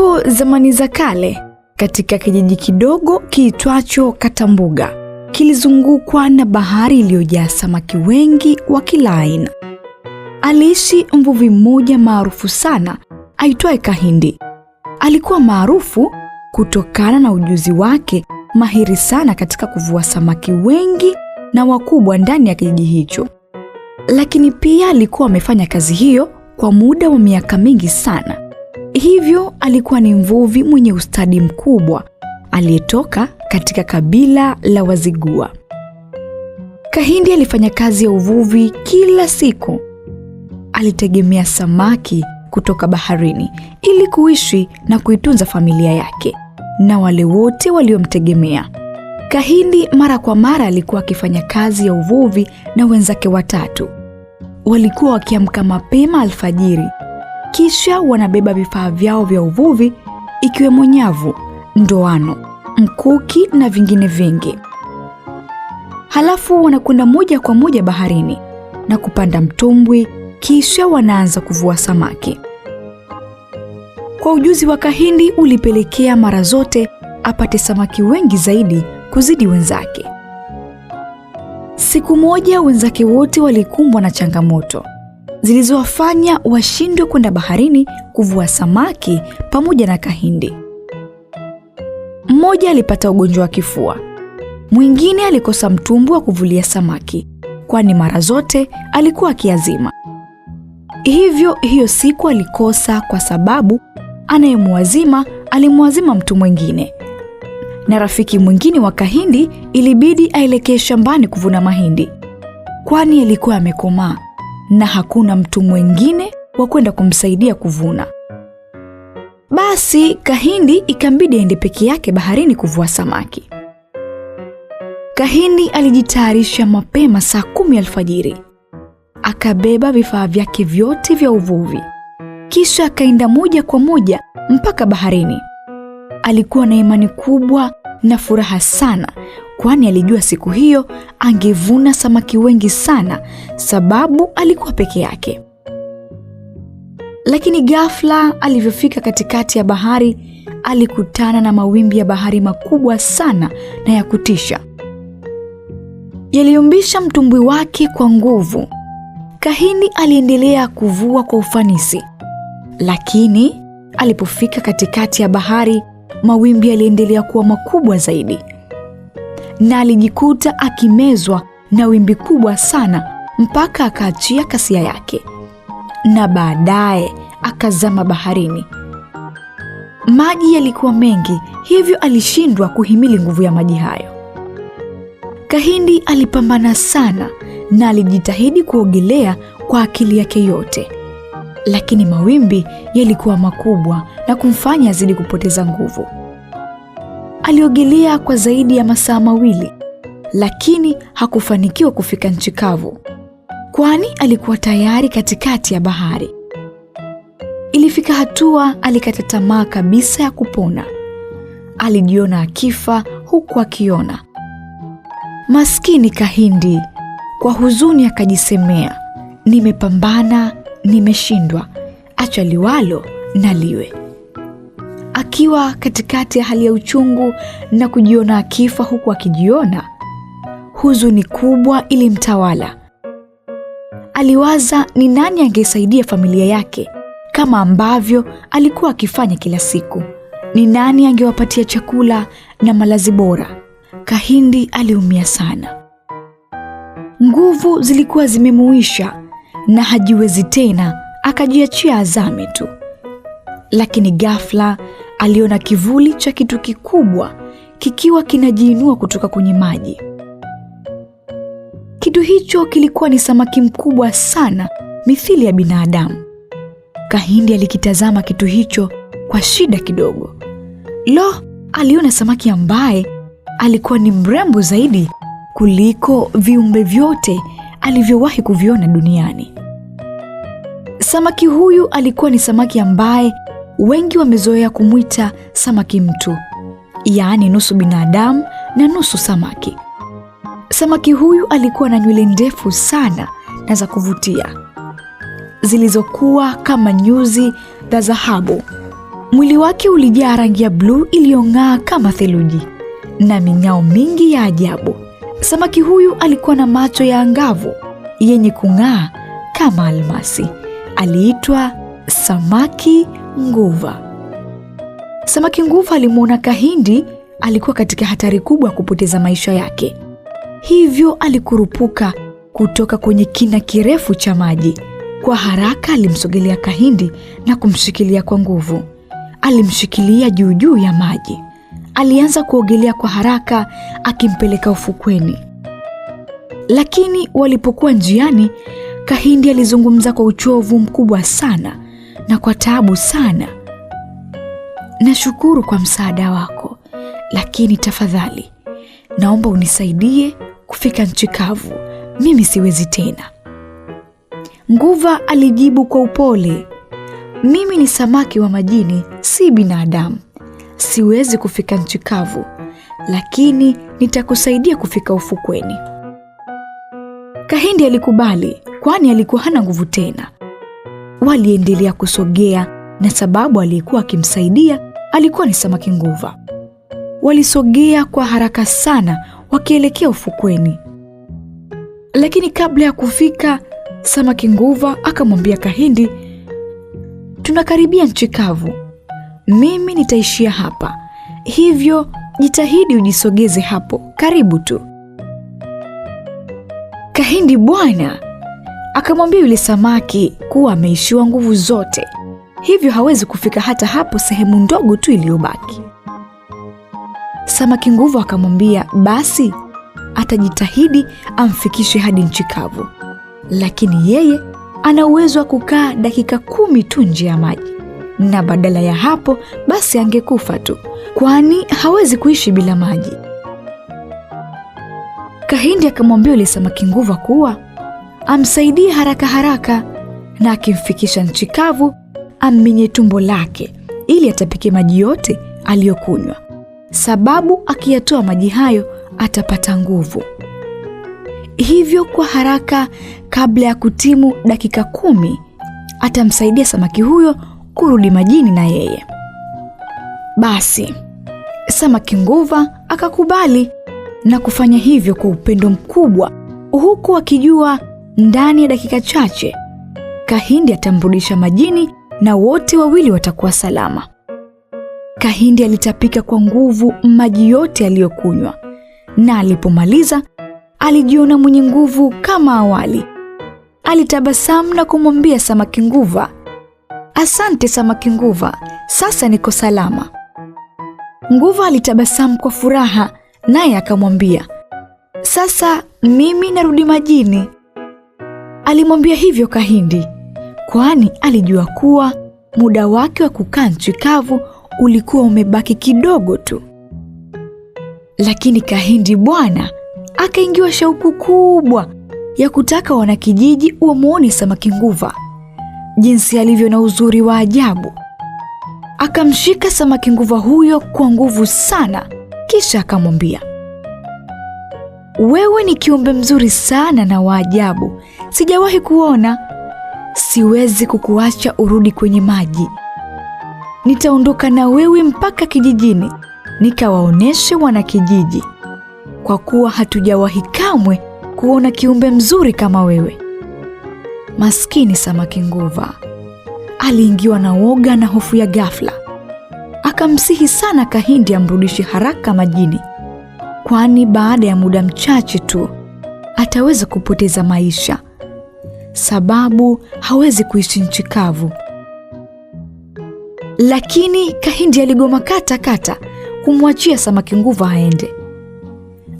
Hapo zamani za kale, katika kijiji kidogo kiitwacho Katambuga, kilizungukwa na bahari iliyojaa samaki wengi wa kila aina. Aliishi mvuvi mmoja maarufu sana aitwaye Kahindi. Alikuwa maarufu kutokana na ujuzi wake mahiri sana katika kuvua samaki wengi na wakubwa ndani ya kijiji hicho. Lakini pia alikuwa amefanya kazi hiyo kwa muda wa miaka mingi sana. Hivyo alikuwa ni mvuvi mwenye ustadi mkubwa aliyetoka katika kabila la Wazigua. Kahindi alifanya kazi ya uvuvi kila siku. Alitegemea samaki kutoka baharini ili kuishi na kuitunza familia yake na wale wote waliomtegemea. Kahindi mara kwa mara alikuwa akifanya kazi ya uvuvi na wenzake watatu. Walikuwa wakiamka mapema alfajiri kisha wanabeba vifaa vyao vya uvuvi ikiwemo nyavu, ndoano, mkuki na vingine vingi. Halafu wanakwenda moja kwa moja baharini na kupanda mtumbwi, kisha wanaanza kuvua samaki. Kwa ujuzi wa Kahindi ulipelekea mara zote apate samaki wengi zaidi kuzidi wenzake. Siku moja wenzake wote walikumbwa na changamoto zilizowafanya washindwe kwenda baharini kuvua samaki pamoja na kahindi. Mmoja alipata ugonjwa wa kifua, mwingine alikosa mtumbu wa kuvulia samaki, kwani mara zote alikuwa akiazima. Hivyo hiyo siku alikosa kwa sababu anayemwazima alimwazima mtu mwingine, na rafiki mwingine wa kahindi ilibidi aelekee shambani kuvuna mahindi, kwani alikuwa amekomaa na hakuna mtu mwingine wa kwenda kumsaidia kuvuna. Basi Kahindi ikambidi aende peke yake baharini kuvua samaki. Kahindi alijitayarisha mapema saa kumi alfajiri, akabeba vifaa vyake vyote vya uvuvi, kisha akaenda moja kwa moja mpaka baharini. Alikuwa na imani kubwa na furaha sana kwani alijua siku hiyo angevuna samaki wengi sana, sababu alikuwa peke yake. Lakini ghafla alivyofika katikati ya bahari, alikutana na mawimbi ya bahari makubwa sana na ya kutisha. Yaliumbisha mtumbwi wake kwa nguvu. Kahini aliendelea kuvua kwa ufanisi, lakini alipofika katikati ya bahari, mawimbi yaliendelea kuwa makubwa zaidi na alijikuta akimezwa na wimbi kubwa sana mpaka akaachia kasia yake na baadaye akazama baharini. Maji yalikuwa mengi, hivyo alishindwa kuhimili nguvu ya maji hayo. Kahindi alipambana sana na alijitahidi kuogelea kwa akili yake yote, lakini mawimbi yalikuwa makubwa na kumfanya azidi kupoteza nguvu aliogelea kwa zaidi ya masaa mawili, lakini hakufanikiwa kufika nchi kavu, kwani alikuwa tayari katikati ya bahari. Ilifika hatua alikata tamaa kabisa ya kupona. Alijiona akifa huku akiona. Maskini Kahindi! Kwa huzuni akajisemea, nimepambana, nimeshindwa, achaliwalo na liwe akiwa katikati ya hali ya uchungu na kujiona akifa, huku akijiona huzuni kubwa ilimtawala. Aliwaza ni nani angesaidia familia yake kama ambavyo alikuwa akifanya kila siku. Ni nani angewapatia chakula na malazi bora? Kahindi aliumia sana, nguvu zilikuwa zimemuisha na hajiwezi tena, akajiachia azame tu. Lakini ghafla aliona kivuli cha kitu kikubwa kikiwa kinajiinua kutoka kwenye maji. Kitu hicho kilikuwa ni samaki mkubwa sana, mithili ya binadamu. Kahindi alikitazama kitu hicho kwa shida kidogo. Lo, aliona samaki ambaye alikuwa ni mrembo zaidi kuliko viumbe vyote alivyowahi kuviona duniani. Samaki huyu alikuwa ni samaki ambaye wengi wamezoea kumwita samaki mtu, yaani nusu binadamu na nusu samaki. Samaki huyu alikuwa na nywele ndefu sana na za kuvutia zilizokuwa kama nyuzi za dhahabu. Mwili wake ulijaa rangi ya bluu iliyong'aa kama theluji na minyao mingi ya ajabu. Samaki huyu alikuwa na macho ya angavu yenye kung'aa kama almasi. Aliitwa samaki Nguva. Samaki Nguva alimwona Kahindi alikuwa katika hatari kubwa ya kupoteza maisha yake, hivyo alikurupuka kutoka kwenye kina kirefu cha maji. Kwa haraka alimsogelea Kahindi na kumshikilia kwa nguvu. Alimshikilia juu juu ya maji. Alianza kuogelea kwa haraka akimpeleka ufukweni. Lakini walipokuwa njiani, Kahindi alizungumza kwa uchovu mkubwa sana na kwa taabu sana. Nashukuru kwa msaada wako, lakini tafadhali naomba unisaidie kufika nchi kavu, mimi siwezi tena. Nguva alijibu kwa upole, mimi ni samaki wa majini, si binadamu, siwezi kufika nchi kavu, lakini nitakusaidia kufika ufukweni. Kahindi alikubali, kwani alikuwa hana nguvu tena waliendelea kusogea, na sababu aliyekuwa akimsaidia alikuwa ni samaki nguva. Walisogea kwa haraka sana wakielekea ufukweni, lakini kabla ya kufika, samaki nguva akamwambia Kahindi, tunakaribia nchi kavu, mimi nitaishia hapa, hivyo jitahidi ujisogeze hapo karibu tu. Kahindi bwana Akamwambia yule samaki kuwa ameishiwa nguvu zote, hivyo hawezi kufika hata hapo sehemu ndogo tu iliyobaki. Samaki nguvu akamwambia basi atajitahidi amfikishe hadi nchi kavu, lakini yeye ana uwezo wa kukaa dakika kumi tu nje ya maji, na badala ya hapo basi angekufa tu, kwani hawezi kuishi bila maji. Kahindi akamwambia yule samaki nguvu kuwa amsaidie haraka haraka na akimfikisha nchi kavu amminye tumbo lake ili atapike maji yote aliyokunywa, sababu akiyatoa maji hayo atapata nguvu. Hivyo kwa haraka, kabla ya kutimu dakika kumi, atamsaidia samaki huyo kurudi majini na yeye. Basi samaki nguva akakubali na kufanya hivyo kwa upendo mkubwa, huku akijua ndani ya dakika chache Kahindi atamrudisha majini na wote wawili watakuwa salama. Kahindi alitapika kwa nguvu maji yote aliyokunywa, na alipomaliza alijiona mwenye nguvu kama awali. Alitabasamu na kumwambia samaki nguva, asante samaki nguva, sasa niko salama. Nguva alitabasamu kwa furaha, naye akamwambia, sasa mimi narudi majini. Alimwambia hivyo Kahindi kwani alijua kuwa muda wake wa kukaa nchi kavu ulikuwa umebaki kidogo tu. Lakini Kahindi bwana akaingiwa shauku kubwa ya kutaka wanakijiji wamwone samaki nguva jinsi alivyo na uzuri wa ajabu. Akamshika samaki nguva huyo kwa nguvu sana, kisha akamwambia, wewe ni kiumbe mzuri sana na wa ajabu sijawahi kuona. Siwezi kukuacha urudi kwenye maji. Nitaondoka na wewe mpaka kijijini nikawaoneshe wanakijiji, kwa kuwa hatujawahi kamwe kuona kiumbe mzuri kama wewe. Maskini samaki nguva aliingiwa na woga na hofu ya ghafla, akamsihi sana Kahindi amrudishe haraka majini, kwani baada ya muda mchache tu ataweza kupoteza maisha sababu hawezi kuishi nchi kavu. Lakini Kahindi aligoma kata kata kumwachia samaki nguvu aende.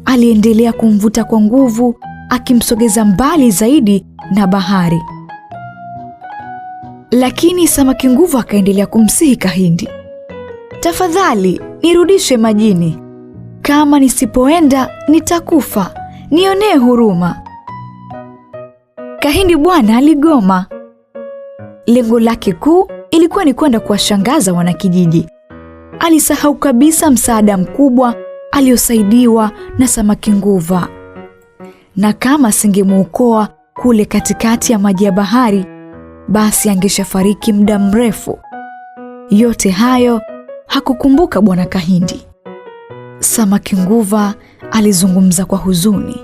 Aliendelea kumvuta kwa nguvu, akimsogeza mbali zaidi na bahari. Lakini samaki nguvu akaendelea kumsihi Kahindi, tafadhali nirudishe majini, kama nisipoenda nitakufa, nionee huruma. Kahindi bwana aligoma. Lengo lake kuu ilikuwa ni kwenda kuwashangaza wanakijiji. Alisahau kabisa msaada mkubwa aliyosaidiwa na samaki nguva, na kama asingemwokoa kule katikati ya maji ya bahari, basi angeshafariki muda mrefu. Yote hayo hakukumbuka bwana Kahindi. Samaki nguva alizungumza kwa huzuni,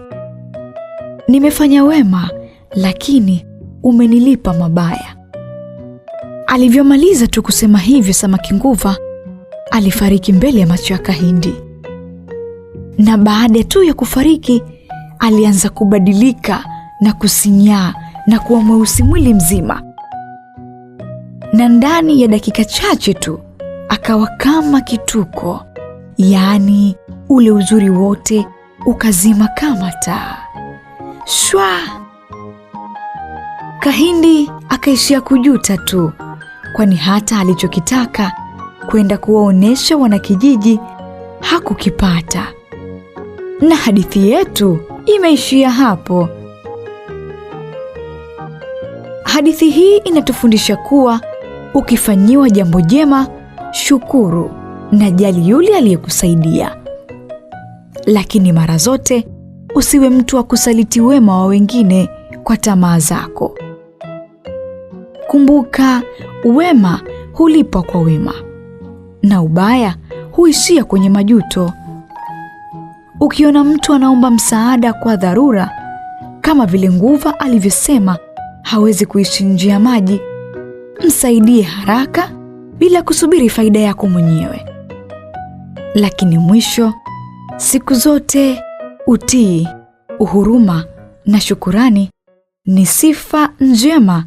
nimefanya wema lakini umenilipa mabaya. Alivyomaliza tu kusema hivyo, samaki nguva alifariki mbele ya macho ya Kahindi, na baada tu ya kufariki alianza kubadilika na kusinyaa na kuwa mweusi mwili mzima, na ndani ya dakika chache tu akawa kama kituko, yaani ule uzuri wote ukazima kama taa shwa. Kahindi akaishia kujuta tu, kwani hata alichokitaka kwenda kuwaonyesha wanakijiji hakukipata. Na hadithi yetu imeishia hapo. Hadithi hii inatufundisha kuwa ukifanyiwa jambo jema, shukuru na jali yule aliyekusaidia, lakini mara zote usiwe mtu wa kusaliti wema wa wengine kwa tamaa zako. Kumbuka, wema hulipwa kwa wema na ubaya huishia kwenye majuto. Ukiona mtu anaomba msaada kwa dharura, kama vile nguva alivyosema hawezi kuishi nje ya maji, msaidie haraka bila kusubiri faida yako mwenyewe. Lakini mwisho, siku zote utii, uhuruma na shukurani ni sifa njema